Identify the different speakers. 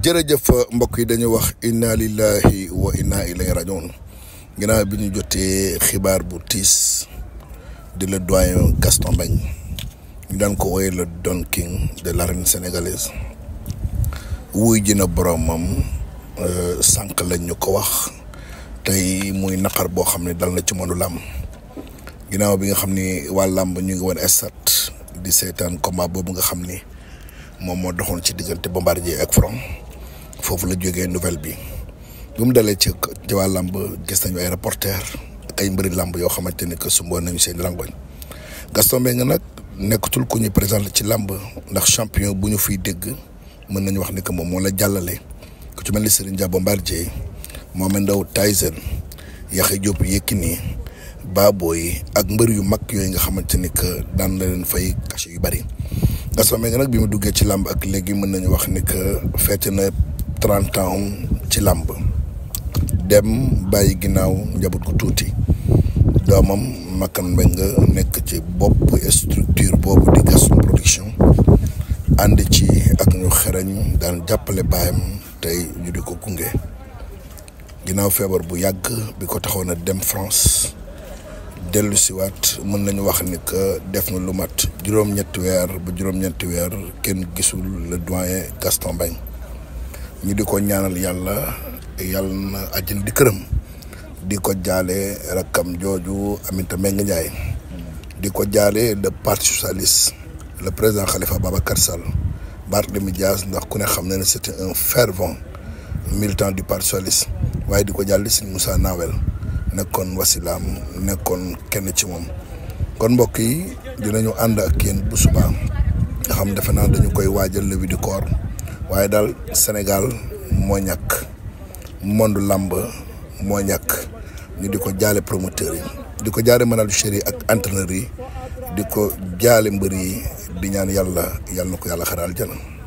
Speaker 1: jërëjëf mbokk yi dañu wax inna lillahi wa inna ilayhi rajiun ginnaaw bi ñu jotee xibaar bu tiis di la doyen Gaston Mbengue ñu daan ko woyee le Don King de l'arène sénégalaise wuy ji na boromam euh, sànq lañ ñu ko wax tey muy naqar boo xam ne dal la ci mënu làmb ginnaaw bi nga xam ni waa làmb ñu ngi woon estat di seetaan combat boobu nga xam ni moom moo doxoon ci diggante bombardier ak front foofu la jógee nouvelle bi bi mu dalee ci ci waa làmb gis nañu ay reporter ay mbëri làmb yoo xamante ne que sumboo nañu seen rangoñ Gaston Mbengue nag nekkatul ku ñu présenté ci làmb ndax champion bu ñu fiy dégg mën nañu wax ni que moom moo la jàllale ku ci mel ni Serigne Dia Bombardier Mohamed Ndao Tyson Yaxya Diop ni baaboo yi ak mbër yu mag yooyu nga xamante ni que daan na leen fay cachet yu bari Gaston Mbengue nag bi mu duggee ci làmb ak léegi mën nañu wax ni que fête na trente ans ci làmb dem bàyyi ginnaaw njaboot ko tuuti doomam Makan Mbengue nekk ci bopp structure boobu di Gaston Production ànd ci ak ñu xereñ daan jàppale baayam tey ñu di ko gunge ginnaaw feebar bu yàgg bi ko taxoon a dem France dellu siwaat mën nañu wax ni def na lu mat juróom-ñetti weer bu juróom-ñetti weer kenn gisul la doyen Gaston Mbengue ñu di ko ñaanal yàlla yàlla na àjjana di këram di ko jaale rakkam jooju Aminata Mbengue Ndiaye di ko jaale de parti socialiste le président Khalifa karsal Sall Barthélémy Dias ndax ku ne xam na ne c'était un fervent militant du parti socialiste waaye di ko jaale Serigne Moussa Nawel nekkoon wasilaam nekkoon kenn ci moom kon mbokk yi dinañu ànd ak kenn bu subaa xam defe naa dañu koy waajal levée du corps waaye daal Sénégal moo ñàkk monde làmb moo ñàkk ñu di ko jaale promoteur yi di ko jaale manager yi ak entraîneur yi di ko jaale mbër yi di ñaan yàlla yàlla na ko yàlla xaraal jëna